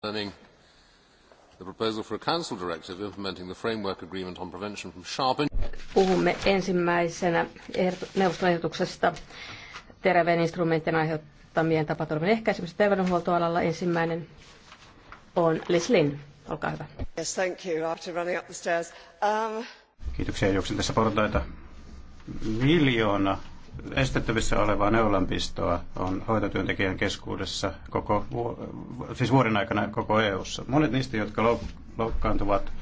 concerning the proposal for a council directive implementing the framework agreement on prevention from sharp Puhumme ensimmäisenä neuvoston ehdotuksesta terävien instrumentin aiheuttamien tapaturmien ehkäisemisestä terveydenhuoltoalalla. Ensimmäinen on Liz Lynn. Olkaa hyvä. Yes, thank you. After running up the stairs. Um... Kiitoksia, juoksin tässä portaita. Miljoona estettävissä olevaa neulanpistoa on hoitotyöntekijän keskuudessa koko, siis vuoden aikana koko EU:ssa. Monet niistä, jotka loukkaantuvat,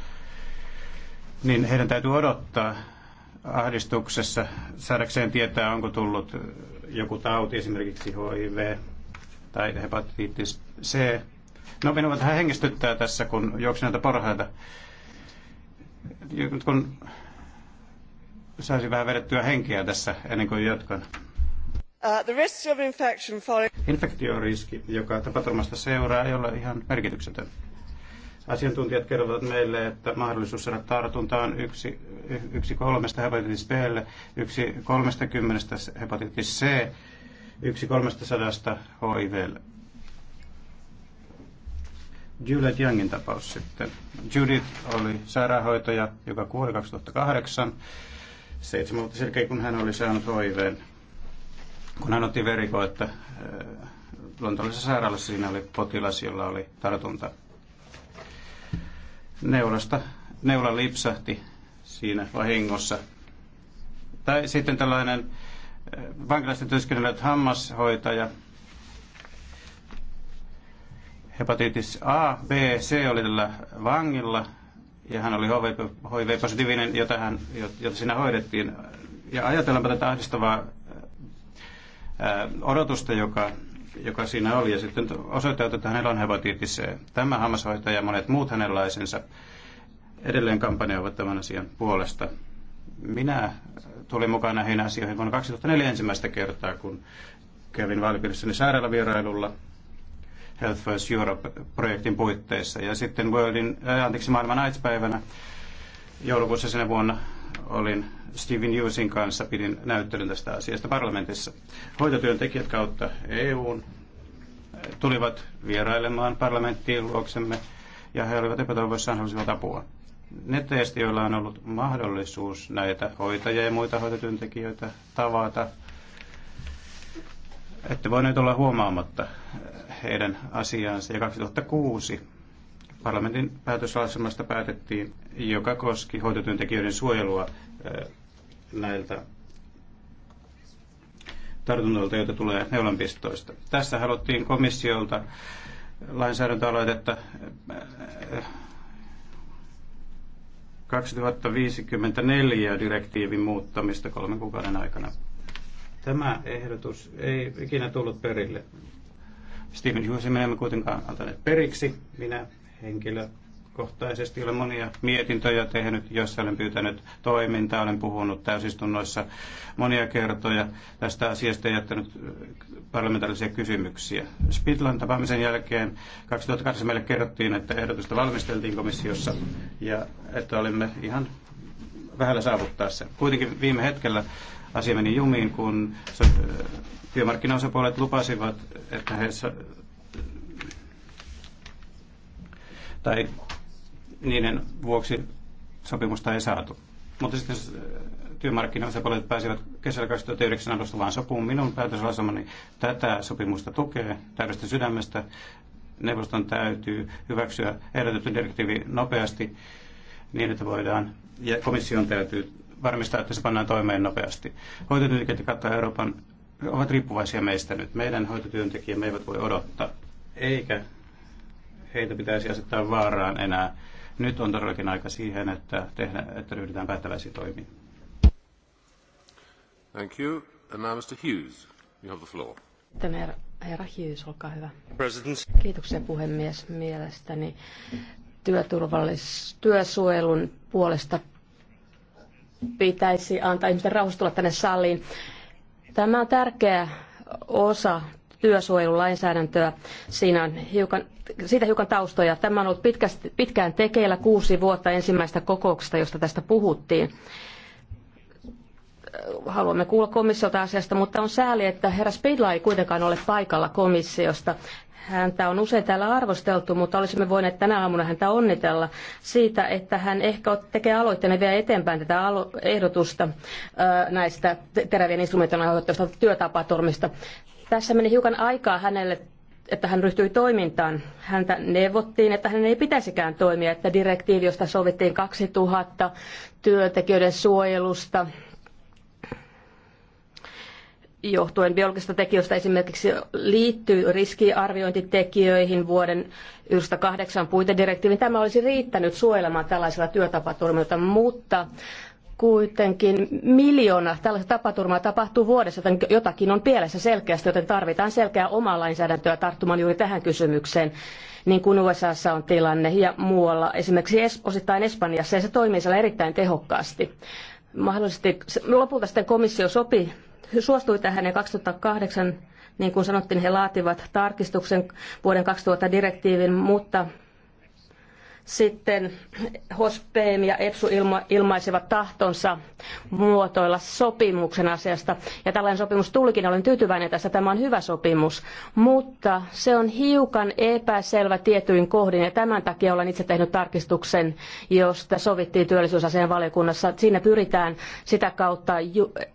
niin heidän täytyy odottaa ahdistuksessa saadakseen tietää, onko tullut joku tauti, esimerkiksi HIV tai hepatitis C. No minua vähän hengistyttää tässä, kun juoksin näitä parhaita. Kun saisin vähän vedettyä henkeä tässä ennen kuin jatkan. Uh, Infektioriski, joka tapaturmasta seuraa, ei ole ihan merkityksetön. Asiantuntijat kertovat meille, että mahdollisuus saada tartunta on yksi, yksi kolmesta hepatitis B, yksi kolmesta kymmenestä hepatitis C, yksi kolmesta sadasta HIV. Juliet Youngin tapaus sitten. Judith oli sairaanhoitaja, joka kuoli 2008 seitsemän vuotta selkeä, kun hän oli saanut hoiveen. Kun hän otti verikoetta äh, lontoolaisessa sairaalassa, siinä oli potilas, jolla oli tartunta. Neulasta, neula lipsahti siinä vahingossa. Tai sitten tällainen äh, vankilasta työskennellyt hammashoitaja, hepatitis A, B, C oli tällä vangilla, ja hän oli HIV-positiivinen, jota, hän, jota siinä hoidettiin. Ja ajatellaanpa tätä ahdistavaa odotusta, joka, joka siinä oli, ja sitten osoittautui, että hänellä on hepatiitis Tämä hammashoitaja ja monet muut hänenlaisensa edelleen kampanjoivat tämän asian puolesta. Minä tulin mukaan näihin asioihin vuonna 2004 ensimmäistä kertaa, kun kävin vaalipiirissäni sairaalavierailulla – Health First Europe-projektin puitteissa. Ja sitten Worldin, äh, anteeksi, maailman AIDS-päivänä joulukuussa sinä vuonna olin Steven Hughesin kanssa, pidin näyttelyn tästä asiasta parlamentissa. Hoitotyöntekijät kautta EUn äh, tulivat vierailemaan parlamenttiin luoksemme ja he olivat epätoivoissaan, halusivat apua. Ne teistä, joilla on ollut mahdollisuus näitä hoitajia ja muita hoitotyöntekijöitä tavata, ette voineet olla huomaamatta heidän asiaansa. Ja 2006 parlamentin päätöslauselmasta päätettiin, joka koski hoitotyöntekijöiden suojelua äh, näiltä tartunnoilta, joita tulee neulanpistoista. Tässä haluttiin komissiolta lainsäädäntöaloitetta 2054 äh, direktiivin muuttamista kolmen kuukauden aikana. Tämä ehdotus ei ikinä tullut perille Stephen Hughesin me emme kuitenkaan antaneet periksi. Minä henkilökohtaisesti olen monia mietintöjä tehnyt, joissa olen pyytänyt toimintaa, olen puhunut täysistunnoissa monia kertoja tästä asiasta ja jättänyt äh, parlamentaarisia kysymyksiä. Spitlan tapaamisen jälkeen 2008 meille kerrottiin, että ehdotusta valmisteltiin komissiossa ja että olimme ihan vähällä saavuttaa se. Kuitenkin viime hetkellä asia meni jumiin, kun äh, Työmarkkinaosapuolet lupasivat, että he tai niiden vuoksi sopimusta ei saatu. Mutta sitten äh, työmarkkinaosapuolet pääsivät kesällä 2009 alusta vaan sopuun. Minun päätöslausumani tätä sopimusta tukee täydestä sydämestä. Neuvoston täytyy hyväksyä ehdotettu direktiivi nopeasti niin, että voidaan, ja komission täytyy varmistaa, että se pannaan toimeen nopeasti. Hoitotyöntekijät kattaa Euroopan ovat riippuvaisia meistä nyt. Meidän hoitotyöntekijämme eivät voi odottaa, eikä heitä pitäisi asettaa vaaraan enää. Nyt on todellakin aika siihen, että, tehdä, että ryhdytään päättäväisiin toimiin. Thank you. And now Mr. Hughes, you have the floor. Tänään herra Hughes, olkaa hyvä. President. Kiitoksia puhemies. Mielestäni työturvallis- työsuojelun puolesta pitäisi antaa ihmisten rauhassa tulla tänne saliin. Tämä on tärkeä osa työsuojelulainsäädäntöä. Siinä on hiukan, siitä hiukan taustoja. Tämä on ollut pitkästi, pitkään tekeillä kuusi vuotta ensimmäistä kokouksesta, josta tästä puhuttiin. Haluamme kuulla komissiota asiasta, mutta on sääli, että herra Spidla ei kuitenkaan ole paikalla komissiosta. Häntä on usein täällä arvosteltu, mutta olisimme voineet tänä aamuna häntä onnitella siitä, että hän ehkä tekee aloitteen vielä eteenpäin tätä ehdotusta näistä terävien instrumentin aiheuttavista työtapaturmista. Tässä meni hiukan aikaa hänelle että hän ryhtyi toimintaan. Häntä neuvottiin, että hän ei pitäisikään toimia, että direktiivi, josta sovittiin 2000 työntekijöiden suojelusta, johtuen biologisista tekijöistä esimerkiksi liittyy riskiarviointitekijöihin vuoden 1998 puitedirektiivin. Tämä olisi riittänyt suojelemaan tällaisilla työtapaturmilta, mutta kuitenkin miljoona tällaista tapaturmaa tapahtuu vuodessa, joten jotakin on pielessä selkeästi, joten tarvitaan selkeää omaa lainsäädäntöä tarttumaan juuri tähän kysymykseen, niin kuin USAssa on tilanne ja muualla, esimerkiksi osittain Espanjassa, ja se toimii siellä erittäin tehokkaasti. Mahdollisesti lopulta sitten komissio sopi suostui tähän ja 2008, niin kuin sanottiin, he laativat tarkistuksen vuoden 2000 direktiivin, mutta sitten Hospeem ja EPSU ilma, ilmaisivat tahtonsa muotoilla sopimuksen asiasta. Ja tällainen sopimus tulikin, olen tyytyväinen tässä tämä on hyvä sopimus. Mutta se on hiukan epäselvä tietyin kohdin ja tämän takia olen itse tehnyt tarkistuksen, josta sovittiin työllisyysasian valiokunnassa. Siinä pyritään sitä kautta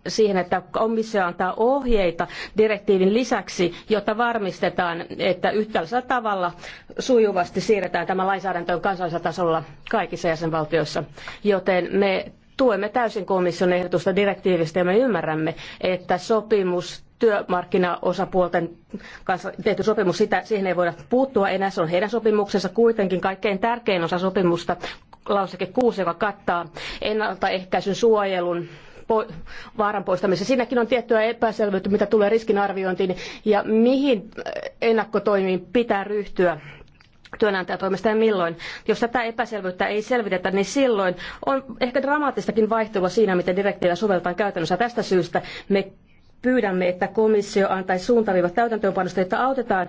siihen, että komissio antaa ohjeita direktiivin lisäksi, jotta varmistetaan, että yhtäläisellä tavalla sujuvasti siirretään tämä lainsäädäntöön kansallisuuteen kansallisella tasolla kaikissa jäsenvaltioissa, joten me tuemme täysin komission ehdotusta direktiivistä ja me ymmärrämme, että sopimus työmarkkinaosapuolten kanssa tehty sopimus, sitä, siihen ei voida puuttua enää, se on heidän sopimuksensa kuitenkin kaikkein tärkein osa sopimusta, lauseke 6, joka kattaa ennaltaehkäisyn suojelun po- vaaran poistamisen. Siinäkin on tiettyä epäselvyyttä, mitä tulee riskinarviointiin ja mihin ennakkotoimiin pitää ryhtyä työnantajatoimesta ja milloin. Jos tätä epäselvyyttä ei selvitetä, niin silloin on ehkä dramaattistakin vaihtelua siinä, miten direktiivä sovelletaan käytännössä. Tästä syystä me pyydämme, että komissio antaisi suuntaviivat täytäntöönpanosta, että autetaan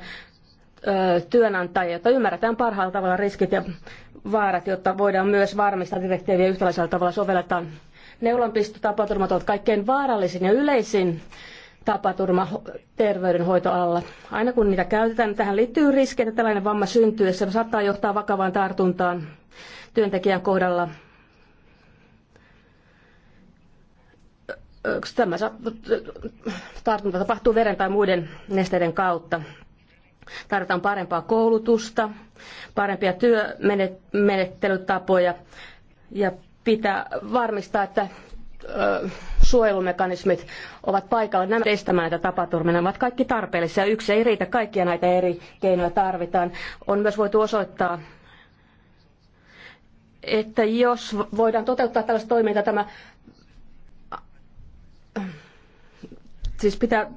työnantajia, jotta ymmärretään parhaalla tavalla riskit ja vaarat, jotta voidaan myös varmistaa direktiiviä yhtäläisellä tavalla sovelletaan. Neulanpistotapaturmat ovat kaikkein vaarallisin ja yleisin tapaturma terveydenhoitoalalla. Aina kun niitä käytetään, niin tähän liittyy riski, että tällainen vamma syntyy, ja se saattaa johtaa vakavaan tartuntaan työntekijän kohdalla. Tämä tartunta tapahtuu veren tai muiden nesteiden kautta. Tarvitaan parempaa koulutusta, parempia työmenettelytapoja ja pitää varmistaa, että suojelumekanismit ovat paikalla. Nämä estämään näitä tapaturmia ovat kaikki tarpeellisia. Yksi ei riitä, kaikkia näitä eri keinoja tarvitaan. On myös voitu osoittaa että jos voidaan toteuttaa tällaista toimintaa, tämä siis pitää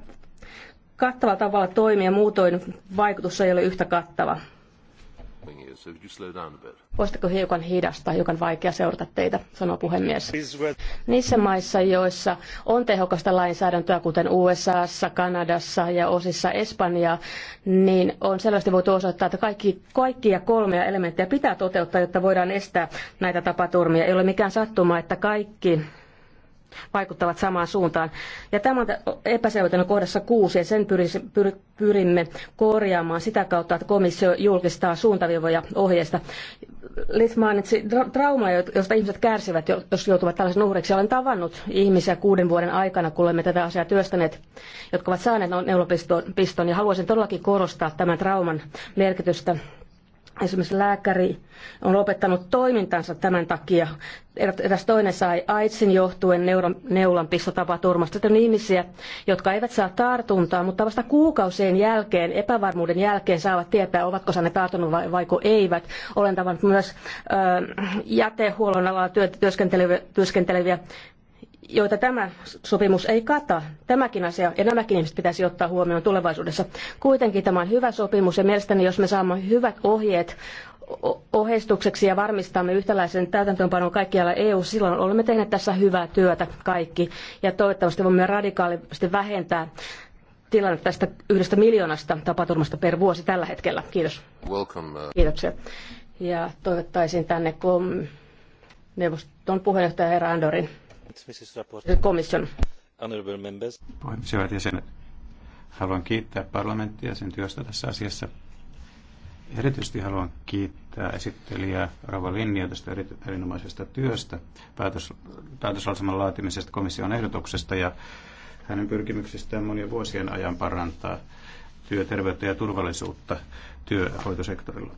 kattavalla tavalla toimia, muutoin vaikutus ei ole yhtä kattava. Voisitteko hiukan hidastaa, hiukan vaikea seurata teitä, sanoo puhemies. Niissä maissa, joissa on tehokasta lainsäädäntöä, kuten USAssa, Kanadassa ja osissa Espanjaa, niin on selvästi voitu osoittaa, että kaikki, kaikkia kolmea elementtiä pitää toteuttaa, jotta voidaan estää näitä tapaturmia. Ei ole mikään sattuma, että kaikki vaikuttavat samaan suuntaan. Ja tämä on epäselvyytenä kohdassa kuusi, ja sen pyrimme korjaamaan sitä kautta, että komissio julkistaa suuntaviivoja ohjeista. Lis mainitsi trauma, josta ihmiset kärsivät, jos joutuvat tällaisen uhreiksi. Olen tavannut ihmisiä kuuden vuoden aikana, kun olemme tätä asiaa työstäneet, jotka ovat saaneet neulopiston, ja haluaisin todellakin korostaa tämän trauman merkitystä Esimerkiksi lääkäri on lopettanut toimintansa tämän takia. Eräs toinen sai AIDSin johtuen neulan, neulan pistotapaturmasta. Sitten on ihmisiä, jotka eivät saa tartuntaa, mutta vasta kuukausien jälkeen, epävarmuuden jälkeen saavat tietää, ovatko ne tartunut vai, eivät. Olen tavannut myös ö, jätehuollon alalla työskenteleviä, työskenteleviä joita tämä sopimus ei kata. Tämäkin asia ja nämäkin ihmiset pitäisi ottaa huomioon tulevaisuudessa. Kuitenkin tämä on hyvä sopimus ja mielestäni jos me saamme hyvät ohjeet ohjeistukseksi ja varmistamme yhtäläisen täytäntöönpanon kaikkialla EU, silloin olemme tehneet tässä hyvää työtä kaikki ja toivottavasti voimme radikaalisti vähentää tilanne tästä yhdestä miljoonasta tapaturmasta per vuosi tällä hetkellä. Kiitos. Welcome. Uh, Kiitoksia. Ja toivottaisin tänne kom- neuvoston puheenjohtaja herra Andorin. Puhemies, hyvät jäsenet. Haluan kiittää parlamenttia sen työstä tässä asiassa. Erityisesti haluan kiittää esittelijää Rova Linnia tästä erinomaisesta työstä, päätös, päätöslauselman laatimisesta komission ehdotuksesta ja hänen pyrkimyksistään monien vuosien ajan parantaa työterveyttä ja turvallisuutta työhoitosektorilla.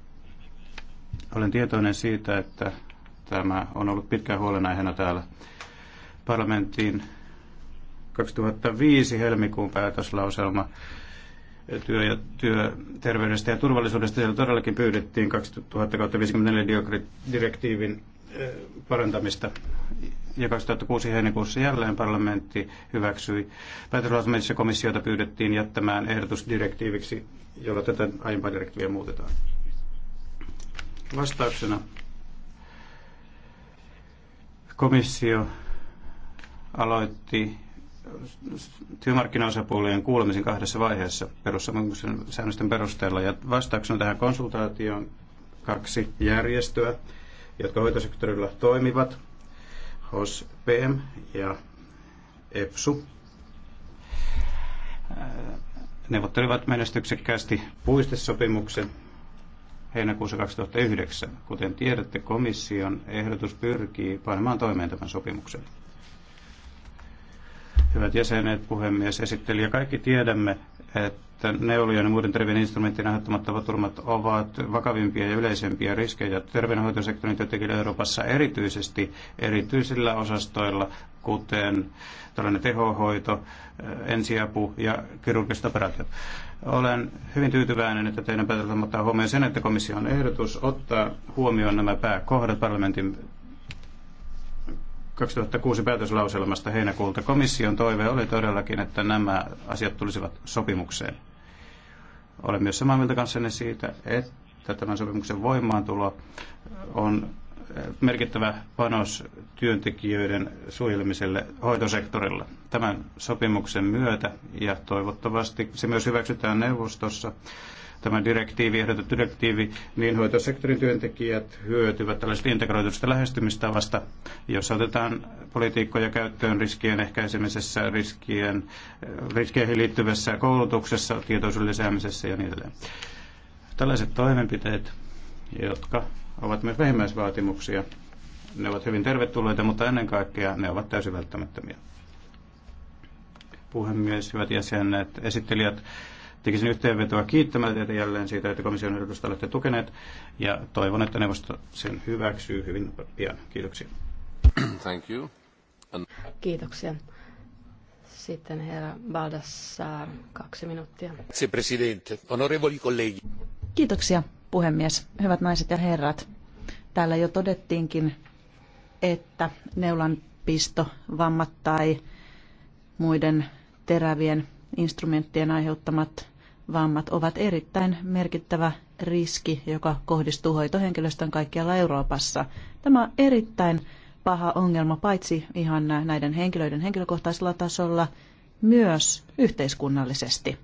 Olen tietoinen siitä, että tämä on ollut pitkään huolenaiheena täällä parlamenttiin 2005 helmikuun päätöslauselma työ- ja työterveydestä ja turvallisuudesta. Siellä todellakin pyydettiin 2054 direktiivin parantamista. Ja 2006 heinäkuussa jälleen parlamentti hyväksyi. Päätöslauselmissa komissiota pyydettiin jättämään ehdotus direktiiviksi, jolla tätä aiempaa direktiiviä muutetaan. Vastauksena komissio aloitti työmarkkinaosapuolien kuulemisen kahdessa vaiheessa perussopimuksen säännösten perusteella. Ja vastauksena tähän konsultaatioon kaksi järjestöä, jotka hoitosektorilla toimivat, HOS PM ja EPSU, äh, neuvottelivat menestyksekkäästi puistesopimuksen heinäkuussa 2009. Kuten tiedätte, komission ehdotus pyrkii panemaan toimeen tämän sopimuksen hyvät jäsenet, puhemies, esittelijä. Kaikki tiedämme, että neulijan ja muiden terveyden instrumenttien aiheuttamat tapaturmat ovat vakavimpia ja yleisempiä riskejä terveydenhoitosektorin työntekijöille Euroopassa erityisesti erityisillä osastoilla, kuten tällainen tehohoito, ensiapu ja kirurgiset operaatiot. Olen hyvin tyytyväinen, että teidän päätöksenne ottaa huomioon sen, että komission ehdotus ottaa huomioon nämä pääkohdat parlamentin 2006 päätöslauselmasta heinäkuulta komission toive oli todellakin, että nämä asiat tulisivat sopimukseen. Olen myös samaa mieltä kanssanne siitä, että tämän sopimuksen voimaantulo on eh, merkittävä panos työntekijöiden suojelemiselle hoitosektorilla. Tämän sopimuksen myötä, ja toivottavasti se myös hyväksytään neuvostossa, tämä direktiivi, ehdotettu direktiivi, niin hoitosektorin työntekijät hyötyvät tällaisesta integroitusta lähestymistavasta, jossa otetaan politiikkoja käyttöön riskien ehkäisemisessä, riskien, riskeihin liittyvässä koulutuksessa, tietoisuuden lisäämisessä ja niin edelleen. Tällaiset toimenpiteet, jotka ovat myös vähimmäisvaatimuksia, ne ovat hyvin tervetulleita, mutta ennen kaikkea ne ovat täysin välttämättömiä puhemies, hyvät jäsenet, esittelijät. Tekisin yhteenvetoa kiittämällä teitä jälleen siitä, että komission ehdotusta olette tukeneet ja toivon, että neuvosto sen hyväksyy hyvin pian. Kiitoksia. Thank you. And... Kiitoksia. Sitten herra Baldassar, kaksi minuuttia. Kiitoksia puhemies. Hyvät naiset ja herrat, täällä jo todettiinkin, että neulan pisto, vammat tai muiden terävien instrumenttien aiheuttamat vammat ovat erittäin merkittävä riski, joka kohdistuu hoitohenkilöstön kaikkialla Euroopassa. Tämä on erittäin paha ongelma paitsi ihan näiden henkilöiden henkilökohtaisella tasolla, myös yhteiskunnallisesti.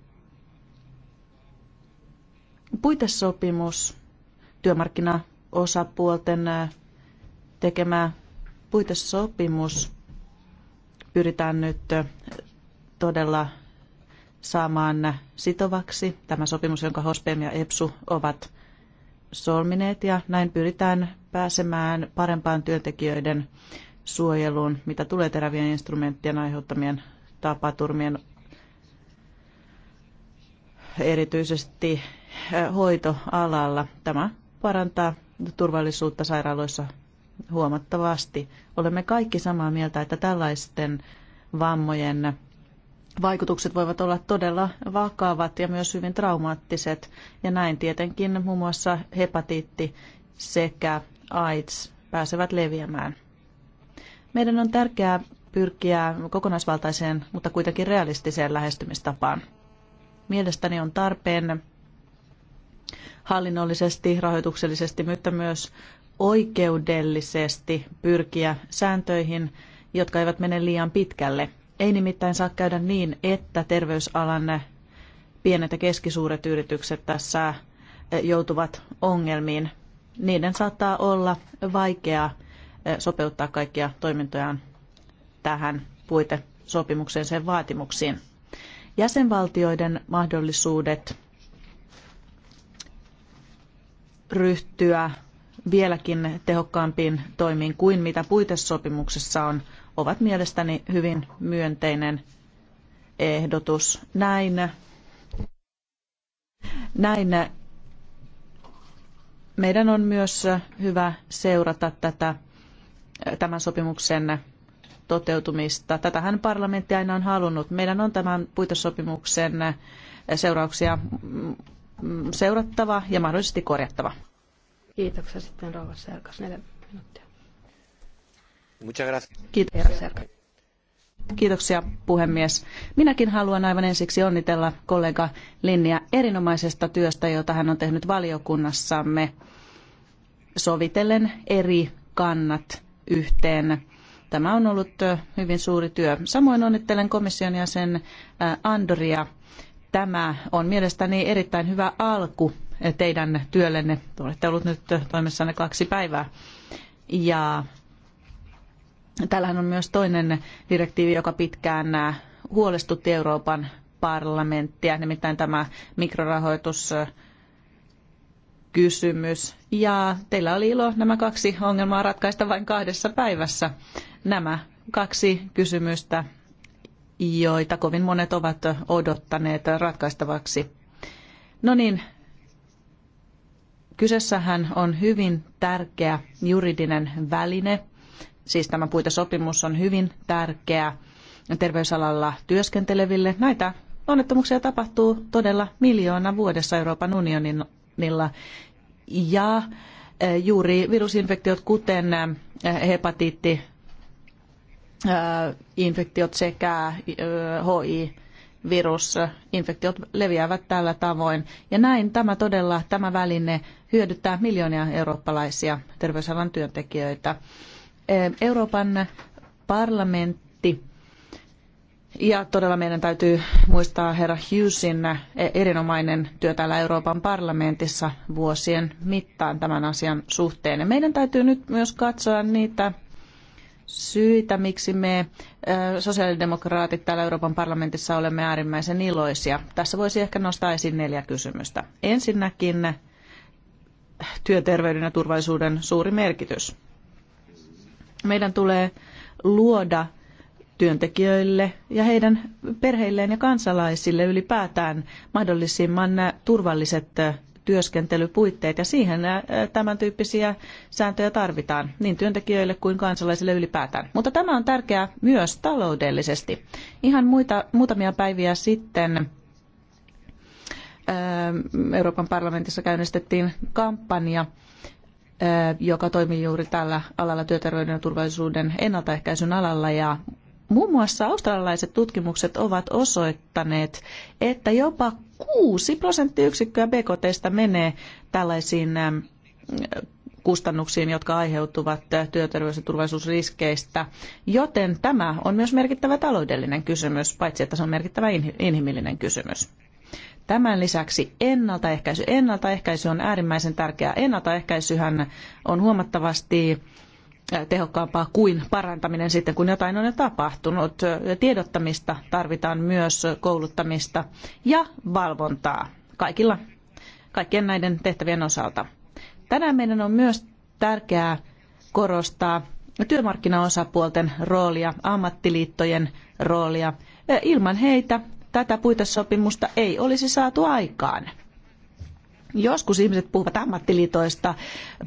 Puitesopimus, työmarkkinaosapuolten tekemä puitesopimus pyritään nyt todella saamaan sitovaksi tämä sopimus, jonka HOSPEM ja EPSU ovat solmineet ja näin pyritään pääsemään parempaan työntekijöiden suojeluun, mitä tulee terävien instrumenttien aiheuttamien tapaturmien erityisesti eh, hoitoalalla. Tämä parantaa turvallisuutta sairaaloissa huomattavasti. Olemme kaikki samaa mieltä, että tällaisten vammojen vaikutukset voivat olla todella vakavat ja myös hyvin traumaattiset. Ja näin tietenkin muun muassa hepatiitti sekä AIDS pääsevät leviämään. Meidän on tärkeää pyrkiä kokonaisvaltaiseen, mutta kuitenkin realistiseen lähestymistapaan. Mielestäni on tarpeen hallinnollisesti, rahoituksellisesti, mutta myös oikeudellisesti pyrkiä sääntöihin, jotka eivät mene liian pitkälle – ei nimittäin saa käydä niin, että terveysalan pienet ja keskisuuret yritykset tässä eh, joutuvat ongelmiin. Niiden saattaa olla vaikea eh, sopeuttaa kaikkia toimintojaan tähän puitesopimukseen sen vaatimuksiin. Jäsenvaltioiden mahdollisuudet ryhtyä vieläkin tehokkaampiin toimiin kuin mitä puitesopimuksessa on, ovat mielestäni hyvin myönteinen ehdotus. Näin, näin meidän on myös hyvä seurata tätä, tämän sopimuksen toteutumista. Tätähän parlamentti aina on halunnut. Meidän on tämän puitesopimuksen seurauksia seurattava ja mahdollisesti korjattava. Kiitoksia sitten Rouva Selkas. neljä minuuttia. Kiitoksia. puhemies. Minäkin haluan aivan ensiksi onnitella kollega Linnia erinomaisesta työstä, jota hän on tehnyt valiokunnassamme sovitellen eri kannat yhteen. Tämä on ollut hyvin suuri työ. Samoin onnittelen komission jäsen Andoria. Tämä on mielestäni erittäin hyvä alku teidän työllenne. Olette ollut nyt toimessanne kaksi päivää. Ja Täällähän on myös toinen direktiivi, joka pitkään huolestutti Euroopan parlamenttia, nimittäin tämä mikrorahoituskysymys. Ja teillä oli ilo nämä kaksi ongelmaa ratkaista vain kahdessa päivässä. Nämä kaksi kysymystä, joita kovin monet ovat odottaneet ratkaistavaksi. No niin, kyseessähän on hyvin tärkeä juridinen väline – siis tämä puitesopimus on hyvin tärkeä terveysalalla työskenteleville. Näitä onnettomuuksia tapahtuu todella miljoona vuodessa Euroopan unionilla. Ja eh, juuri virusinfektiot, kuten eh, hepatiitti, eh, infektiot sekä HI virusinfektiot leviävät tällä tavoin. Ja näin tämä todella, tämä väline hyödyttää miljoonia eurooppalaisia terveysalan työntekijöitä. Euroopan parlamentti ja todella meidän täytyy muistaa herra Hughesin erinomainen työ täällä Euroopan parlamentissa vuosien mittaan tämän asian suhteen. Ja meidän täytyy nyt myös katsoa niitä syitä, miksi me sosiaalidemokraatit täällä Euroopan parlamentissa olemme äärimmäisen iloisia. Tässä voisi ehkä nostaa esiin neljä kysymystä. Ensinnäkin työterveyden ja turvallisuuden suuri merkitys. Meidän tulee luoda työntekijöille ja heidän perheilleen ja kansalaisille ylipäätään mahdollisimman turvalliset työskentelypuitteet ja siihen äh, tämän tyyppisiä sääntöjä tarvitaan niin työntekijöille kuin kansalaisille ylipäätään. Mutta tämä on tärkeää myös taloudellisesti. Ihan muita, muutamia päiviä sitten äh, Euroopan parlamentissa käynnistettiin kampanja, joka toimii juuri tällä alalla työterveyden ja turvallisuuden ennaltaehkäisyn alalla ja Muun muassa australialaiset tutkimukset ovat osoittaneet, että jopa 6 prosenttiyksikköä BKTstä menee tällaisiin kustannuksiin, jotka aiheutuvat työterveys- ja turvallisuusriskeistä, joten tämä on myös merkittävä taloudellinen kysymys, paitsi että se on merkittävä inhimillinen kysymys. Tämän lisäksi ennaltaehkäisy. Ennaltaehkäisy on äärimmäisen tärkeää. Ennaltaehkäisyhän on huomattavasti tehokkaampaa kuin parantaminen sitten, kun jotain on jo tapahtunut. Tiedottamista tarvitaan myös, kouluttamista ja valvontaa kaikilla, kaikkien näiden tehtävien osalta. Tänään meidän on myös tärkeää korostaa työmarkkinaosapuolten roolia, ammattiliittojen roolia. Ilman heitä tätä puitesopimusta ei olisi saatu aikaan. Joskus ihmiset puhuvat ammattiliitoista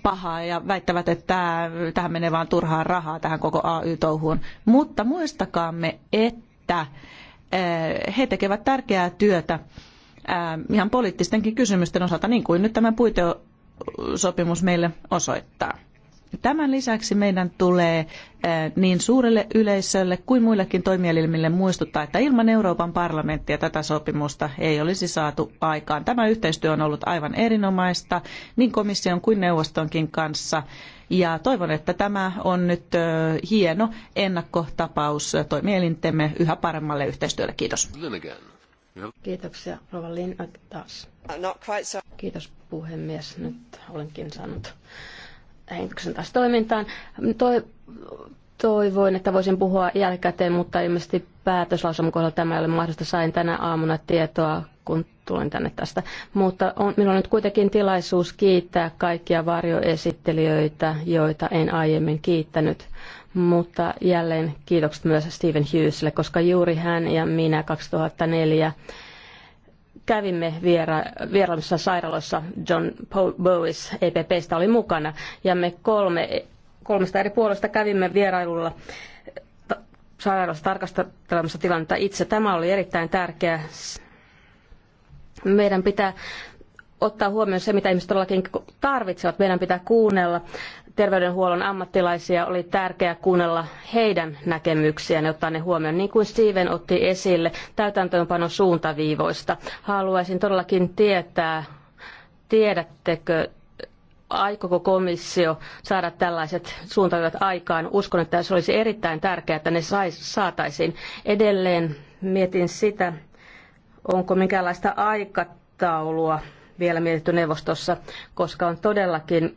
pahaa ja väittävät, että tähän menee vain turhaa rahaa tähän koko AY-touhuun. Mutta muistakaamme, että eh, he tekevät tärkeää työtä eh, ihan poliittistenkin kysymysten osalta, niin kuin nyt tämä puitesopimus meille osoittaa. Tämän lisäksi meidän tulee eh, niin suurelle yleisölle kuin muillekin toimielimille muistuttaa, että ilman Euroopan parlamenttia tätä sopimusta ei olisi saatu aikaan. Tämä yhteistyö on ollut aivan erinomaista niin komission kuin neuvostonkin kanssa. Ja toivon, että tämä on nyt eh, hieno ennakkotapaus toimielintemme yhä paremmalle yhteistyölle. Kiitos. Kiitoksia, Rova Kiitos puhemies. Nyt olenkin saanut henkilöksen taas toimintaan. Toi, toivoin, että voisin puhua jälkikäteen, mutta ilmeisesti päätöslausuman kohdalla tämä ei ole mahdollista. Sain tänä aamuna tietoa, kun tulin tänne tästä. Mutta on, minulla on nyt kuitenkin tilaisuus kiittää kaikkia varjoesittelijöitä, joita en aiemmin kiittänyt. Mutta jälleen kiitokset myös Stephen Hughesille, koska juuri hän ja minä 2004 kävimme viera- vierailussa sairaaloissa. John Bowis EPPstä oli mukana ja me kolme, kolmesta eri puolesta kävimme vierailulla sairaalassa tarkastelemassa tilannetta itse. Tämä oli erittäin tärkeää. Meidän pitää ottaa huomioon se, mitä ihmiset todellakin tarvitsevat. Meidän pitää kuunnella terveydenhuollon ammattilaisia, oli tärkeää kuunnella heidän näkemyksiään ja ottaa ne huomioon. Niin kuin Steven otti esille täytäntöönpanon suuntaviivoista, haluaisin todellakin tietää, tiedättekö aikooko komissio saada tällaiset suuntaviivat aikaan. Uskon, että se olisi erittäin tärkeää, että ne sais, saataisiin. Edelleen mietin sitä, onko minkäänlaista aikataulua vielä mietitty neuvostossa, koska on todellakin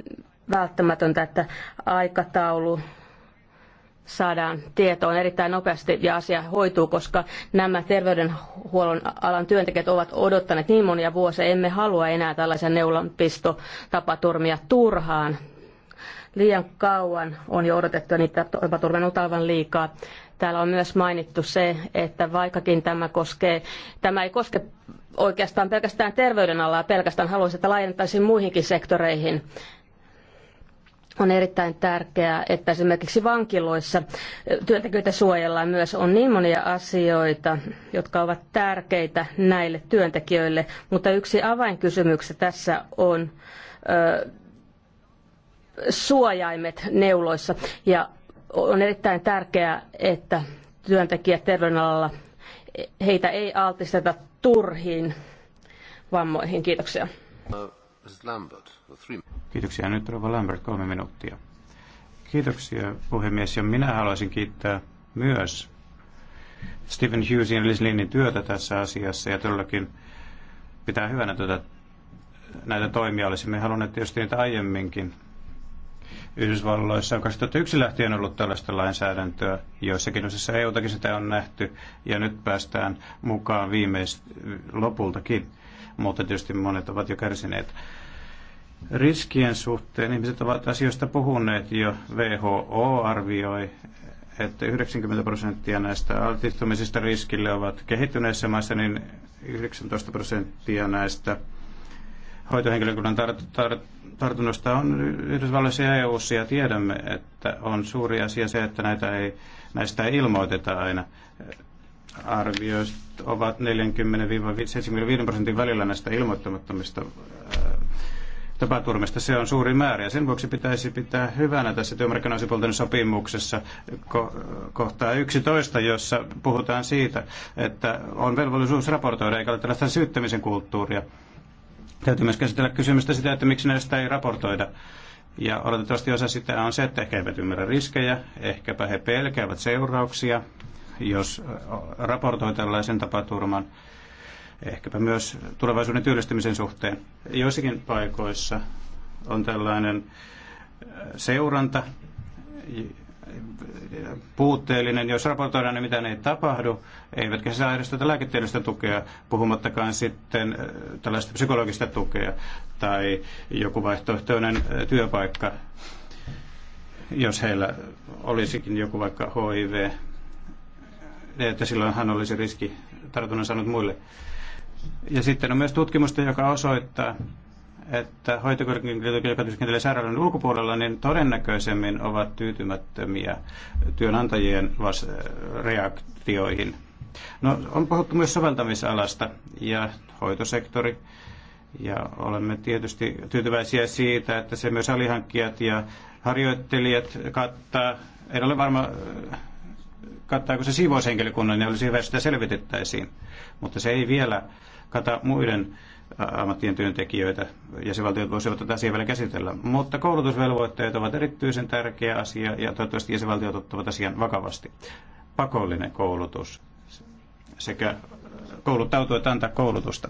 välttämätöntä, että aikataulu saadaan tietoon erittäin nopeasti ja asia hoituu, koska nämä terveydenhuollon alan työntekijät ovat odottaneet niin monia vuosia. Emme halua enää tällaisia neulanpistotapaturmia turhaan. Liian kauan on jo odotettu ja niitä tapaturmia on aivan liikaa. Täällä on myös mainittu se, että vaikkakin tämä, koskee, tämä ei koske oikeastaan pelkästään terveydenalaa, pelkästään haluaisin, että laajentaisiin muihinkin sektoreihin on erittäin tärkeää, että esimerkiksi vankiloissa työntekijöitä suojellaan myös. On niin monia asioita, jotka ovat tärkeitä näille työntekijöille, mutta yksi avainkysymyksessä tässä on ö, suojaimet neuloissa. Ja on erittäin tärkeää, että työntekijät terveydenalalla, e, heitä ei altisteta turhiin vammoihin. Kiitoksia. Äh, Kiitoksia. Nyt Rova Lambert, kolme minuuttia. Kiitoksia puhemies ja minä haluaisin kiittää myös Stephen Hughesin ja Liz Linnin työtä tässä asiassa ja todellakin pitää hyvänä tuota, näitä toimia. Olisimme halunneet tietysti niitä aiemminkin. Yhdysvalloissa on 2001 lähtien ollut tällaista lainsäädäntöä. Joissakin osissa EU-takin sitä on nähty ja nyt päästään mukaan viimeist lopultakin mutta tietysti monet ovat jo kärsineet. Riskien suhteen ihmiset ovat asioista puhuneet jo. WHO arvioi, että 90 prosenttia näistä altistumisista riskille ovat kehittyneissä maissa, niin 19 prosenttia näistä hoitohenkilökunnan tar- tar- tartunnoista on Yhdysvalloissa ja eu ja tiedämme, että on suuri asia se, että näitä ei, näistä ei ilmoiteta aina arvioista ovat 40-75 prosentin välillä näistä ilmoittamattomista tapaturmista. Se on suuri määrä ja sen vuoksi pitäisi pitää hyvänä tässä työmarkkinoisipuolten sopimuksessa ko- kohtaa 11, jossa puhutaan siitä, että on velvollisuus raportoida eikä ole tällaista syyttämisen kulttuuria. Täytyy myös käsitellä kysymystä sitä, että miksi näistä ei raportoida. Ja oletettavasti osa sitä on se, että ehkä eivät ymmärrä riskejä, ehkäpä he pelkäävät seurauksia, jos raportoi tällaisen tapaturman, ehkäpä myös tulevaisuuden työllistymisen suhteen. Joissakin paikoissa on tällainen seuranta puutteellinen, jos raportoidaan, niin mitään ei tapahdu, eivätkä se saa edes tätä lääketieteellistä tukea, puhumattakaan sitten tällaista psykologista tukea tai joku vaihtoehtoinen työpaikka, jos heillä olisikin joku vaikka HIV että silloin hän olisi riski tartunnan saanut muille. Ja sitten on myös tutkimusta, joka osoittaa, että hoitokorkeakoulutukset, joka työskentelee sairaalan ulkopuolella, niin todennäköisemmin ovat tyytymättömiä työnantajien vas- reaktioihin. No, on puhuttu myös soveltamisalasta ja hoitosektori. Ja olemme tietysti tyytyväisiä siitä, että se myös alihankkijat ja harjoittelijat kattaa. En ole varma, kattaako se siivoushenkilökunnan, niin olisi hyvä, että sitä selvitettäisiin. Mutta se ei vielä kata muiden ammattien työntekijöitä. valtiot voisivat tätä asiaa vielä käsitellä. Mutta koulutusvelvoitteet ovat erityisen tärkeä asia ja toivottavasti jäsenvaltiot ottavat asian vakavasti. Pakollinen koulutus sekä kouluttautua että antaa koulutusta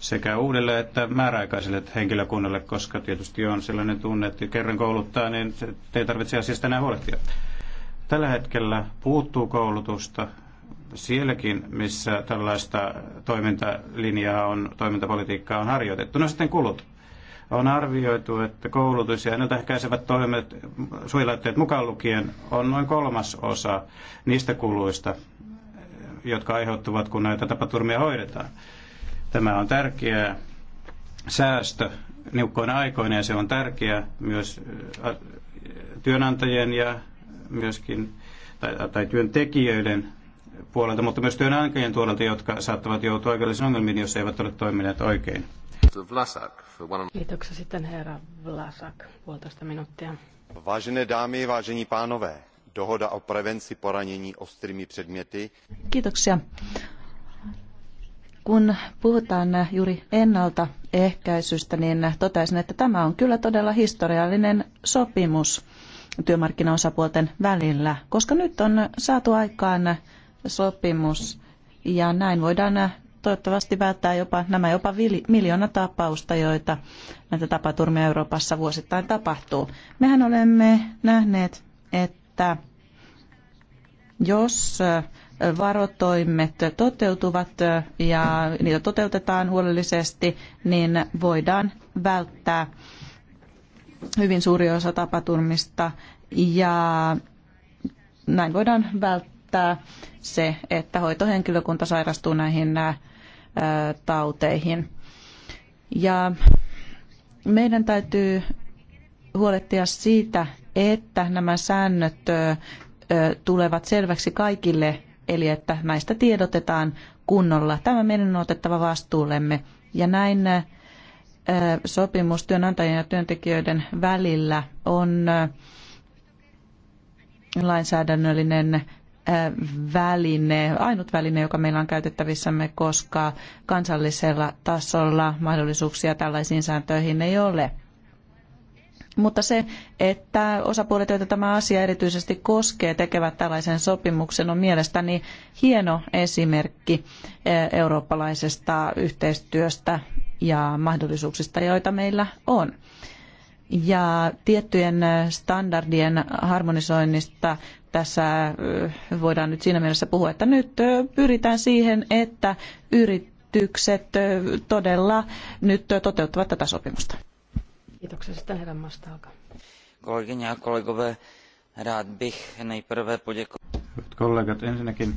sekä uudelle että määräaikaiselle henkilökunnalle, koska tietysti on sellainen tunne, että kerran kouluttaa, niin ei tarvitse asiasta enää huolehtia. Tällä hetkellä puuttuu koulutusta sielläkin, missä tällaista toimintalinjaa on, toimintapolitiikkaa on harjoitettu. No sitten kulut. On arvioitu, että koulutus ja ennaltaehkäisevät toimet, suojelaitteet mukaan lukien, on noin kolmas osa niistä kuluista, jotka aiheuttuvat, kun näitä tapaturmia hoidetaan. Tämä on tärkeä säästö niukkoina aikoina ja se on tärkeä myös työnantajien ja myöskin, tai, tai työntekijöiden puolelta, mutta myös työnantajien puolelta, jotka saattavat joutua oikeudellisiin ongelmiin, jos eivät ole toimineet oikein. Kiitoksia sitten herra Vlasak, puolitoista minuuttia. Vážené dámy, vážení pánové, dohoda o prevenci poranění ostrými předměty. Kiitoksia. Kun puhutaan juuri ennaltaehkäisystä, niin totesin, että tämä on kyllä todella historiallinen sopimus työmarkkinaosapuolten välillä, koska nyt on saatu aikaan sopimus ja näin voidaan toivottavasti välttää jopa, nämä jopa miljoona tapausta, joita näitä tapaturmia Euroopassa vuosittain tapahtuu. Mehän olemme nähneet, että jos varotoimet toteutuvat ja niitä toteutetaan huolellisesti, niin voidaan välttää hyvin suuri osa tapaturmista ja näin voidaan välttää se, että hoitohenkilökunta sairastuu näihin tauteihin. Ja meidän täytyy huolehtia siitä, että nämä säännöt tulevat selväksi kaikille, eli että näistä tiedotetaan kunnolla. Tämä meidän on otettava vastuullemme. Ja näin sopimus työnantajien ja työntekijöiden välillä on lainsäädännöllinen väline, ainut väline, joka meillä on käytettävissämme, koska kansallisella tasolla mahdollisuuksia tällaisiin sääntöihin ei ole. Mutta se, että osapuolet, joita tämä asia erityisesti koskee, tekevät tällaisen sopimuksen, on mielestäni hieno esimerkki eurooppalaisesta yhteistyöstä ja mahdollisuuksista, joita meillä on. Ja tiettyjen standardien harmonisoinnista tässä voidaan nyt siinä mielessä puhua, että nyt pyritään siihen, että yritykset todella nyt toteuttavat tätä sopimusta. Kiitoksia sitten herran Mastalka. Kolegyně a kolegové, rád bych poděkoval. Hyvät kollegat, ensinnäkin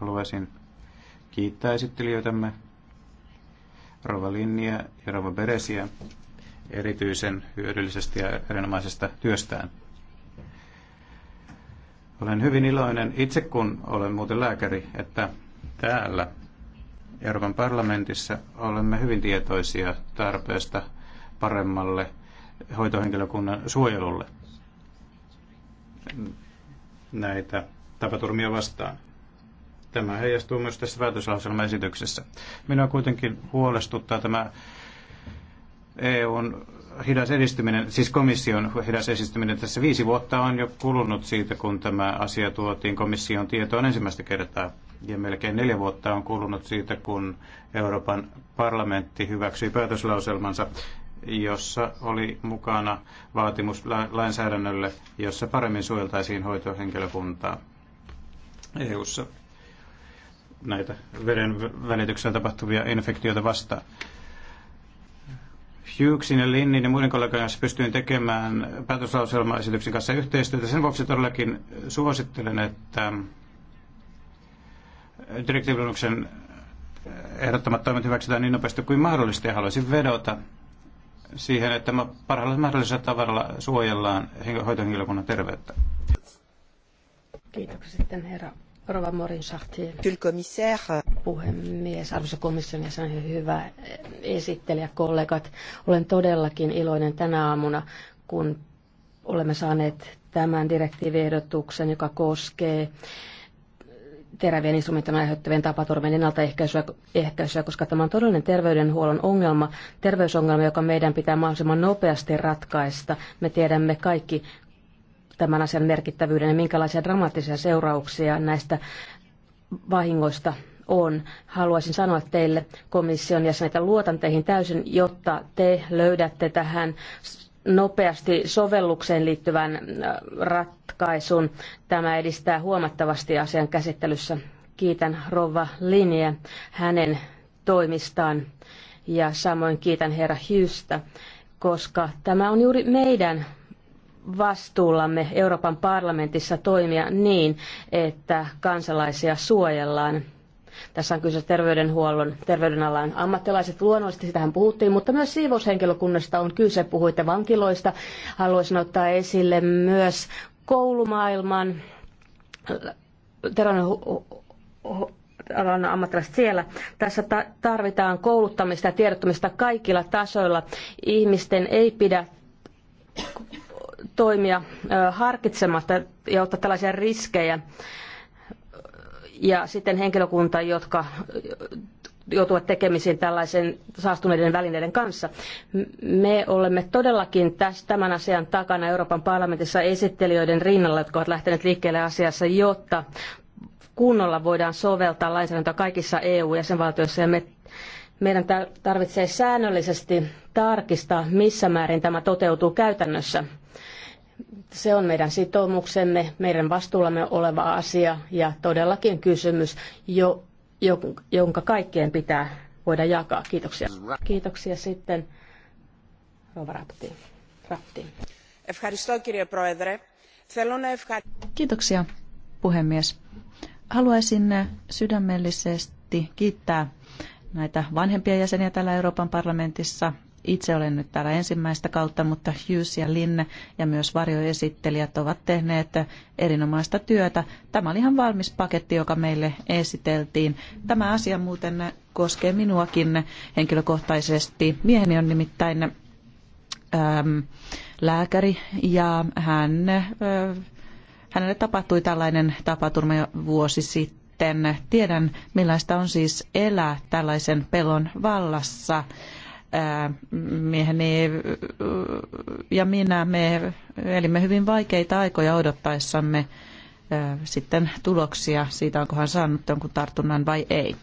haluaisin kiittää esittelijöitämme Rova Linniä ja Rova Beresiä erityisen hyödyllisestä ja erinomaisesta työstään. Olen hyvin iloinen itse, kun olen muuten lääkäri, että täällä Euroopan parlamentissa olemme hyvin tietoisia tarpeesta paremmalle hoitohenkilökunnan suojelulle näitä tapaturmia vastaan. Tämä heijastuu myös tässä päätöslauselmaesityksessä. Minua kuitenkin huolestuttaa tämä EUn hidas edistyminen, siis komission hidas edistyminen. Tässä viisi vuotta on jo kulunut siitä, kun tämä asia tuotiin komission tietoon ensimmäistä kertaa. Ja melkein neljä vuotta on kulunut siitä, kun Euroopan parlamentti hyväksyi päätöslauselmansa, jossa oli mukana vaatimus lainsäädännölle, jossa paremmin suojeltaisiin hoitohenkilökuntaa EU:ssa näitä veren välityksellä tapahtuvia infektioita vastaan. Hughesin ja Linnin ja muiden kollegojen kanssa pystyin tekemään päätöslauselmaesityksen kanssa yhteistyötä. Sen vuoksi todellakin suosittelen, että direktiiviluonnoksen ehdottamat toimet hyväksytään niin nopeasti kuin mahdollista ja haluaisin vedota siihen, että parhaalla mahdollisella tavalla suojellaan hoitohenkilökunnan terveyttä. Kiitoksia sitten herra Rova Morin Sahti. Puhemies, arvoisa komission jäsen, hyvä esittelijä, kollegat. Olen todellakin iloinen tänä aamuna, kun olemme saaneet tämän direktiiviehdotuksen, joka koskee terävien instrumenttien aiheuttavien tapaturmien ennaltaehkäisyä, koska tämä on todellinen terveydenhuollon ongelma, terveysongelma, joka meidän pitää mahdollisimman nopeasti ratkaista. Me tiedämme kaikki, tämän asian merkittävyyden ja minkälaisia dramaattisia seurauksia näistä vahingoista on. Haluaisin sanoa teille komission jäsenet, että luotan teihin täysin, jotta te löydätte tähän nopeasti sovellukseen liittyvän äh, ratkaisun. Tämä edistää huomattavasti asian käsittelyssä. Kiitän Rova Linje hänen toimistaan ja samoin kiitän herra Hyystä, koska tämä on juuri meidän vastuullamme Euroopan parlamentissa toimia niin, että kansalaisia suojellaan. Tässä on kyse terveydenhuollon, terveydenalan ammattilaiset. Luonnollisesti sitähän puhuttiin, mutta myös siivoushenkilökunnasta on kyse. Puhuitte vankiloista. Haluaisin ottaa esille myös koulumaailman terveydenhuollon ammattilaiset siellä. Tässä tarvitaan kouluttamista ja tiedottamista kaikilla tasoilla. Ihmisten ei pidä toimia harkitsematta ja ottaa tällaisia riskejä. Ja sitten henkilökunta, jotka joutuvat tekemisiin tällaisen saastuneiden välineiden kanssa. Me olemme todellakin tässä, tämän asian takana Euroopan parlamentissa esittelijöiden rinnalla, jotka ovat lähteneet liikkeelle asiassa, jotta kunnolla voidaan soveltaa lainsäädäntöä kaikissa EU-jäsenvaltioissa ja me meidän tarvitsee säännöllisesti tarkistaa, missä määrin tämä toteutuu käytännössä. Se on meidän sitoumuksemme, meidän vastuullamme oleva asia ja todellakin kysymys, jo, jo, jonka kaikkien pitää voida jakaa. Kiitoksia. Kiitoksia sitten. Rova Rapti. Rapti. Kiitoksia, puhemies. Haluaisin sydämellisesti kiittää näitä vanhempia jäseniä täällä Euroopan parlamentissa itse olen nyt täällä ensimmäistä kautta, mutta Hughes ja Linne ja myös varjoesittelijät ovat tehneet erinomaista työtä. Tämä oli ihan valmis paketti, joka meille esiteltiin. Tämä asia muuten koskee minuakin henkilökohtaisesti. Mieheni on nimittäin ähm, lääkäri ja hän, äh, hänelle tapahtui tällainen tapaturma jo vuosi sitten tiedän, millaista on siis elää tällaisen pelon vallassa mieheni ja minä, me elimme hyvin vaikeita aikoja odottaessamme sitten tuloksia siitä, onko hän saanut jonkun tartunnan vai ei.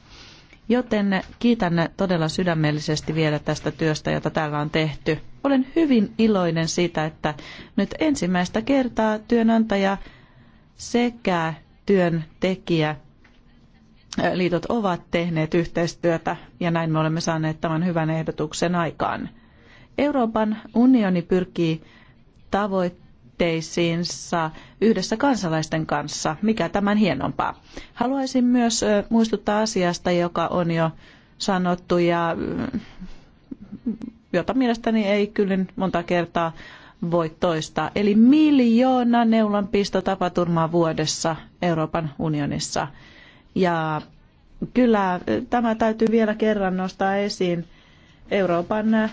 Joten kiitän todella sydämellisesti vielä tästä työstä, jota täällä on tehty. Olen hyvin iloinen siitä, että nyt ensimmäistä kertaa työnantaja sekä työntekijä liitot ovat tehneet yhteistyötä ja näin me olemme saaneet tämän hyvän ehdotuksen aikaan. Euroopan unioni pyrkii tavoitteisiinsa yhdessä kansalaisten kanssa, mikä tämän hienompaa. Haluaisin myös muistuttaa asiasta, joka on jo sanottu ja jota mielestäni ei kyllä monta kertaa voi toistaa. Eli miljoona neulanpistotapaturmaa vuodessa Euroopan unionissa – ja kyllä äh, tämä täytyy vielä kerran nostaa esiin. Euroopan äh,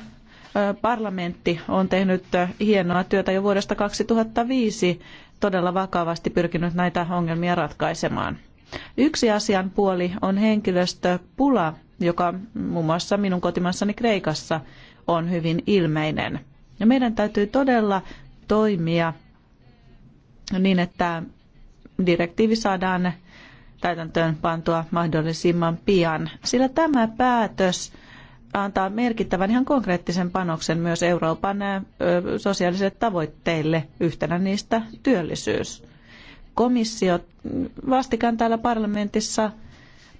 parlamentti on tehnyt äh, hienoa työtä jo vuodesta 2005 todella vakavasti pyrkinyt näitä ongelmia ratkaisemaan. Yksi asian puoli on henkilöstöpula, joka muun muassa minun kotimassani Kreikassa on hyvin ilmeinen. Ja meidän täytyy todella toimia niin, että direktiivi saadaan täytäntöön pantua mahdollisimman pian, sillä tämä päätös antaa merkittävän ihan konkreettisen panoksen myös Euroopan sosiaalisille tavoitteille, yhtenä niistä työllisyys. Komissio mm, vastikään täällä parlamentissa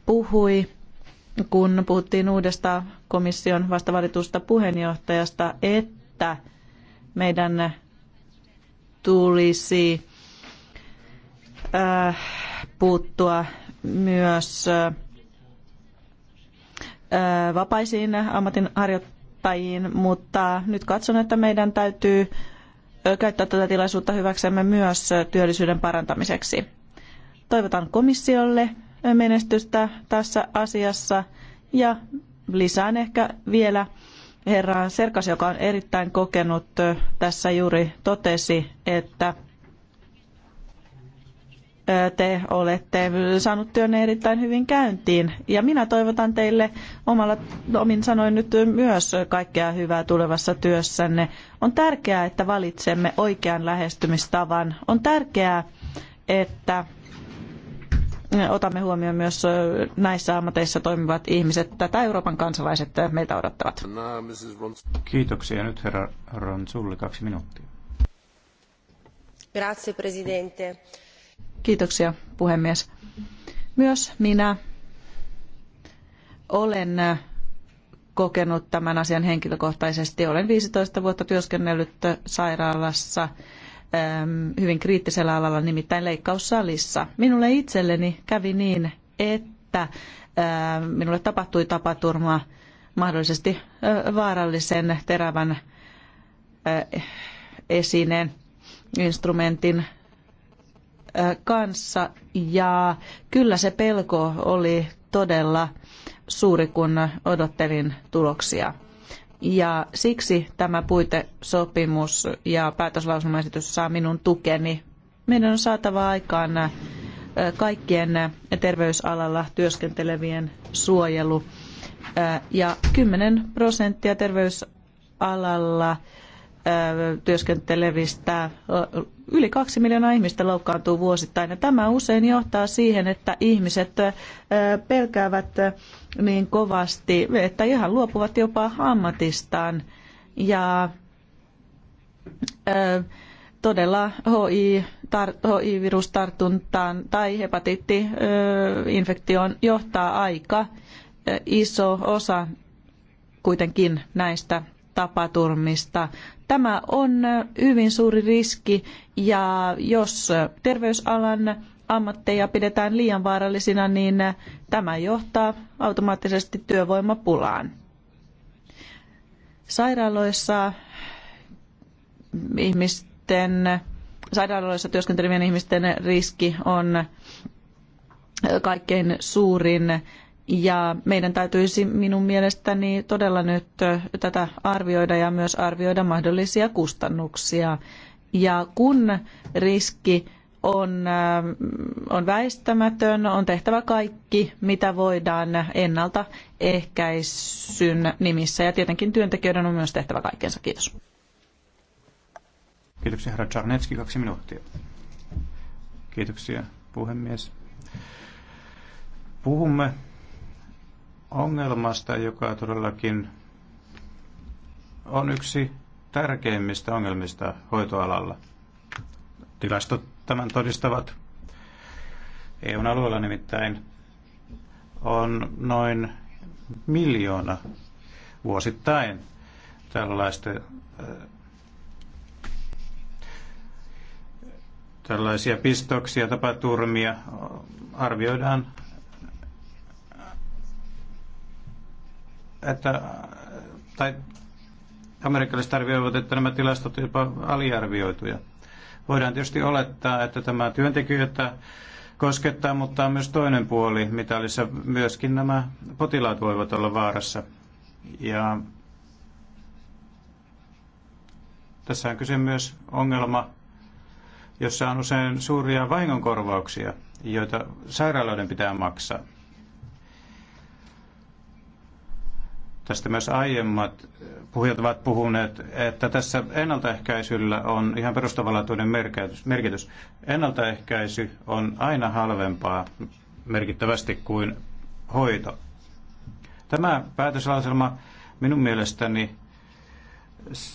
puhui, kun puhuttiin uudesta komission vastavalitusta puheenjohtajasta, että meidän tulisi äh, puuttua myös vapaisiin ammatinharjoittajiin, mutta nyt katson, että meidän täytyy käyttää tätä tilaisuutta hyväksemme myös työllisyyden parantamiseksi. Toivotan komissiolle menestystä tässä asiassa ja lisään ehkä vielä herra Serkas, joka on erittäin kokenut, tässä juuri totesi, että te olette saanut työnne erittäin hyvin käyntiin. Ja minä toivotan teille omalla, omin sanoin nyt myös kaikkea hyvää tulevassa työssänne. On tärkeää, että valitsemme oikean lähestymistavan. On tärkeää, että otamme huomioon myös näissä ammateissa toimivat ihmiset. Tätä Euroopan kansalaiset meiltä odottavat. Kiitoksia. Nyt herra Ronsulli, kaksi minuuttia. Grazie, presidente Kiitoksia puhemies. Myös minä olen kokenut tämän asian henkilökohtaisesti. Olen 15 vuotta työskennellyt sairaalassa ähm, hyvin kriittisellä alalla, nimittäin leikkaussalissa. Minulle itselleni kävi niin, että ähm, minulle tapahtui tapaturma mahdollisesti äh, vaarallisen terävän äh, esineen instrumentin kanssa ja kyllä se pelko oli todella suuri, kun odottelin tuloksia. Ja siksi tämä puitesopimus ja päätöslausumaesitys saa minun tukeni. Meidän on saatava aikaan kaikkien terveysalalla työskentelevien suojelu. Ja 10 prosenttia terveysalalla työskentelevistä yli kaksi miljoonaa ihmistä loukkaantuu vuosittain. Ja tämä usein johtaa siihen, että ihmiset pelkäävät niin kovasti, että ihan luopuvat jopa ammatistaan. Ja todella HIV-virustartuntaan tai hepatiittiinfektioon johtaa aika iso osa kuitenkin näistä tapaturmista. Tämä on hyvin suuri riski ja jos terveysalan ammatteja pidetään liian vaarallisina, niin tämä johtaa automaattisesti työvoimapulaan. Sairaaloissa ihmisten, sairaaloissa työskentelevien ihmisten riski on kaikkein suurin ja meidän täytyisi minun mielestäni todella nyt tätä arvioida ja myös arvioida mahdollisia kustannuksia. Ja kun riski on, on väistämätön, on tehtävä kaikki, mitä voidaan ennaltaehkäisyn nimissä. Ja tietenkin työntekijöiden on myös tehtävä kaikkensa. Kiitos. Kiitoksia herra Czarnetski kaksi minuuttia. Kiitoksia puhemies. Puhumme ongelmasta, joka todellakin on yksi tärkeimmistä ongelmista hoitoalalla. Tilastot tämän todistavat. EUn alueella nimittäin on noin miljoona vuosittain tällaista, äh, tällaisia pistoksia, tapaturmia arvioidaan että, tai amerikkalaiset arvioivat, että nämä tilastot jopa aliarvioituja. Voidaan tietysti olettaa, että tämä työntekijöitä koskettaa, mutta on myös toinen puoli, mitä olisi myöskin nämä potilaat voivat olla vaarassa. Ja tässä on kyse myös ongelma, jossa on usein suuria vahingonkorvauksia, joita sairaaloiden pitää maksaa. Tästä myös aiemmat puhujat ovat puhuneet, että tässä ennaltaehkäisyllä on ihan perustavanlaatuinen merkitys. Ennaltaehkäisy on aina halvempaa merkittävästi kuin hoito. Tämä päätöslauselma minun mielestäni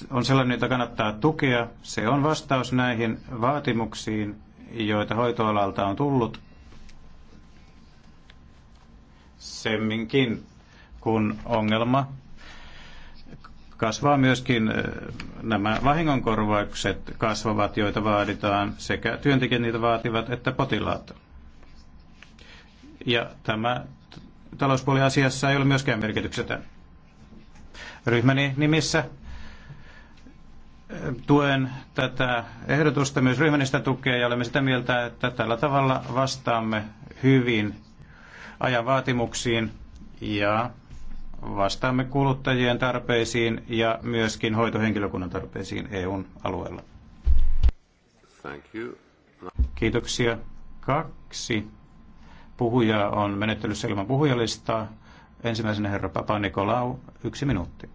on sellainen, jota kannattaa tukea. Se on vastaus näihin vaatimuksiin, joita hoitoalalta on tullut semminkin kun ongelma kasvaa myöskin eh, nämä vahingonkorvaukset kasvavat, joita vaaditaan sekä työntekijät niitä vaativat että potilaat. Ja tämä talouspuoli asiassa ei ole myöskään merkityksetä Ryhmäni nimissä eh, tuen tätä ehdotusta, myös ryhmänistä tukea ja olemme sitä mieltä, että tällä tavalla vastaamme hyvin ajan vaatimuksiin ja vastaamme kuluttajien tarpeisiin ja myöskin hoitohenkilökunnan tarpeisiin EUn alueella. Thank you. Kiitoksia. Kaksi puhujaa on menettelyssä ilman puhujalistaa. Ensimmäisenä herra Papa Nikolau, yksi minuutti.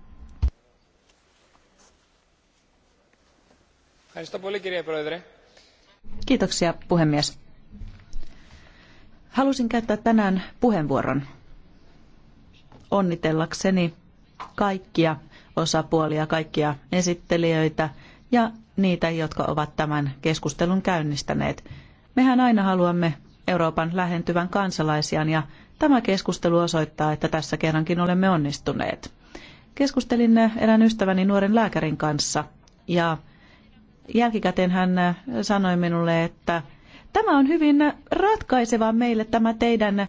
Kiitoksia puhemies. Halusin käyttää tänään puheenvuoron onnitellakseni kaikkia osapuolia, kaikkia esittelijöitä ja niitä, jotka ovat tämän keskustelun käynnistäneet. Mehän aina haluamme Euroopan lähentyvän kansalaisiaan ja tämä keskustelu osoittaa, että tässä kerrankin olemme onnistuneet. Keskustelin erään ystäväni nuoren lääkärin kanssa ja jälkikäteen hän sanoi minulle, että tämä on hyvin ratkaiseva meille tämä teidän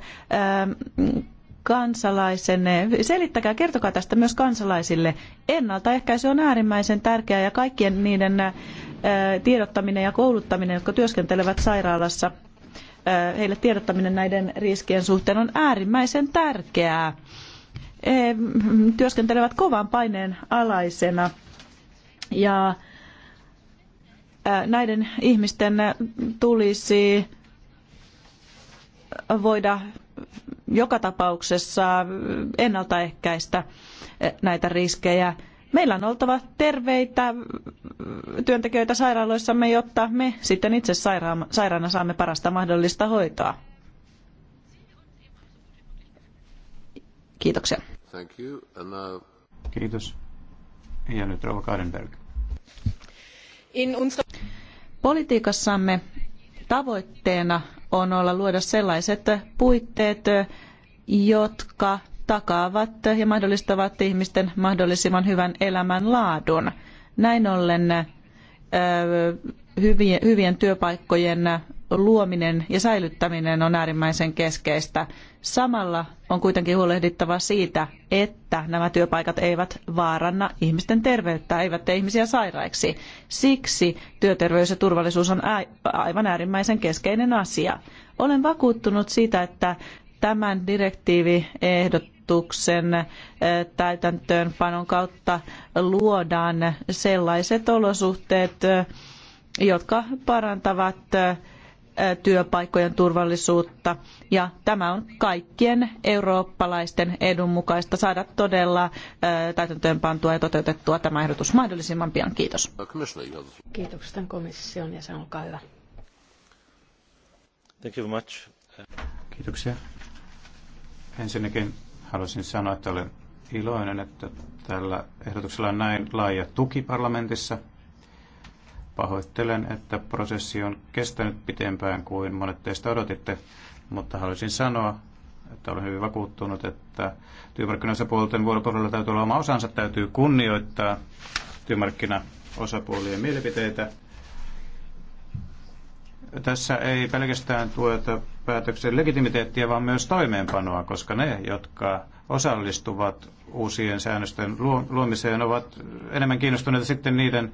kansalaisenne. Selittäkää, kertokaa tästä myös kansalaisille. Ennaltaehkäisy on äärimmäisen tärkeää ja kaikkien niiden tiedottaminen ja kouluttaminen, jotka työskentelevät sairaalassa, heille tiedottaminen näiden riskien suhteen on äärimmäisen tärkeää. He työskentelevät kovan paineen alaisena ja näiden ihmisten tulisi voida joka tapauksessa ennaltaehkäistä näitä riskejä. Meillä on oltava terveitä työntekijöitä sairaaloissamme, jotta me sitten itse sairaana saamme parasta mahdollista hoitoa. Kiitoksia. Now... Kiitos. Ja nyt Rova Kahdenberg. Politiikassamme tavoitteena on olla luoda sellaiset puitteet, jotka takaavat ja mahdollistavat ihmisten mahdollisimman hyvän elämänlaadun. Näin ollen hyvien työpaikkojen luominen ja säilyttäminen on äärimmäisen keskeistä. Samalla on kuitenkin huolehdittava siitä, että nämä työpaikat eivät vaaranna ihmisten terveyttä, eivät tee ihmisiä sairaiksi. Siksi työterveys ja turvallisuus on aivan äärimmäisen keskeinen asia. Olen vakuuttunut siitä, että tämän direktiiviehdotuksen täytäntöönpanon kautta luodaan sellaiset olosuhteet, jotka parantavat työpaikkojen turvallisuutta. Ja tämä on kaikkien eurooppalaisten edun mukaista saada todella täytäntöönpantua ja toteutettua tämä ehdotus mahdollisimman pian. Kiitos. Kiitoksia tämän komission ja sen olkaa hyvä. Thank you very much. Kiitoksia. Ensinnäkin haluaisin sanoa, että olen iloinen, että tällä ehdotuksella on näin laaja tuki parlamentissa – Pahoittelen, että prosessi on kestänyt pitempään kuin monet teistä odotitte, mutta haluaisin sanoa, että olen hyvin vakuuttunut, että työmarkkinaosapuolten vuoropuolella täytyy olla oma osansa, täytyy kunnioittaa työmarkkinaosapuolien mielipiteitä. Tässä ei pelkästään tueta päätöksen legitimiteettiä, vaan myös toimeenpanoa, koska ne, jotka osallistuvat uusien säännösten luomiseen, ovat enemmän kiinnostuneita sitten niiden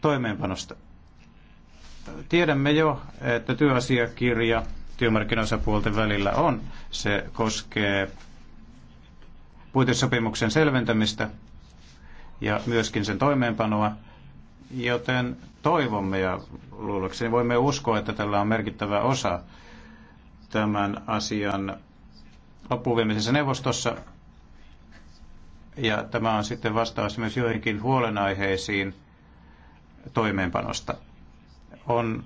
toimeenpanosta. Tiedämme jo, että työasiakirja työmarkkinaosapuolten välillä on. Se koskee puitesopimuksen selventämistä ja myöskin sen toimeenpanoa, joten toivomme ja luulokseni voimme uskoa, että tällä on merkittävä osa tämän asian loppuviemisessä neuvostossa. Ja tämä on sitten vastaus myös joihinkin huolenaiheisiin, toimeenpanosta. On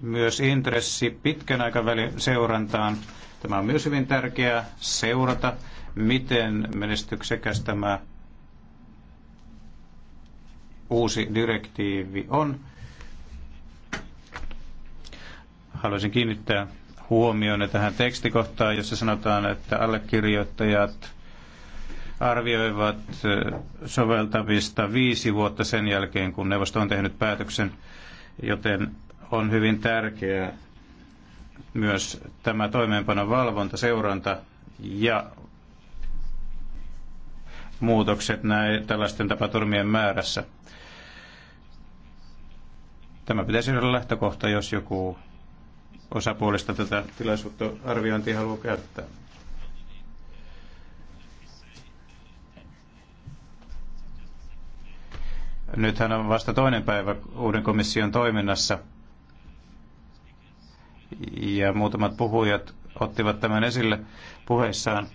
myös intressi pitkän aikavälin seurantaan. Tämä on myös hyvin tärkeää seurata, miten menestyksekäs tämä uusi direktiivi on. Haluaisin kiinnittää huomioon tähän tekstikohtaan, jossa sanotaan, että allekirjoittajat arvioivat soveltavista viisi vuotta sen jälkeen, kun neuvosto on tehnyt päätöksen, joten on hyvin tärkeää myös tämä toimeenpanon valvonta, seuranta ja muutokset näin, tällaisten tapaturmien määrässä. Tämä pitäisi olla lähtökohta, jos joku osapuolista tätä tilaisuutta arviointia haluaa käyttää. Nythän on vasta toinen päivä uuden komission toiminnassa. Ja muutamat puhujat ottivat tämän esille puheissaan.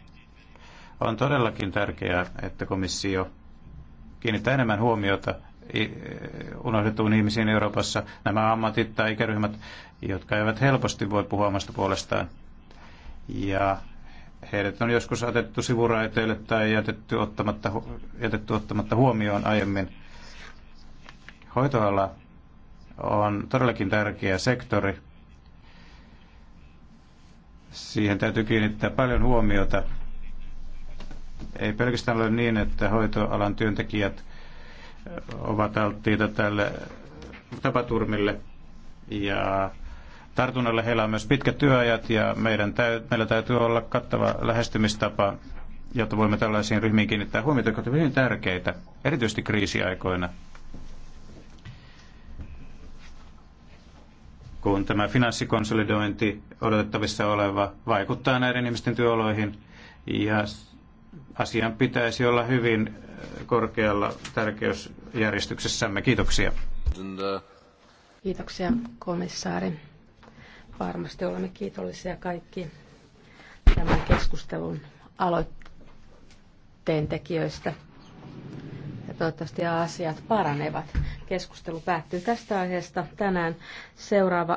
On todellakin tärkeää, että komissio kiinnittää enemmän huomiota unohdettuun ihmisiin Euroopassa, nämä ammatit tai ikäryhmät, jotka eivät helposti voi puhua omasta puolestaan. Ja heidät on joskus otettu sivuraiteille tai jätetty ottamatta, jätetty ottamatta huomioon aiemmin Hoitoala on todellakin tärkeä sektori. Siihen täytyy kiinnittää paljon huomiota. Ei pelkästään ole niin, että hoitoalan työntekijät ovat alttiita tälle tapaturmille ja tartunnalle. Heillä on myös pitkät työajat ja meidän täy- meillä täytyy olla kattava lähestymistapa, jotta voimme tällaisiin ryhmiin kiinnittää huomiota, jotka ovat hyvin tärkeitä, erityisesti kriisiaikoina. kun tämä finanssikonsolidointi odotettavissa oleva vaikuttaa näiden ihmisten työoloihin ja asian pitäisi olla hyvin äh, korkealla tärkeysjärjestyksessämme. Kiitoksia. Kiitoksia komissaari. Varmasti olemme kiitollisia kaikki tämän keskustelun aloitteen tekijöistä. Ja toivottavasti asiat paranevat. Keskustelu päättyy tästä aiheesta tänään. Seuraava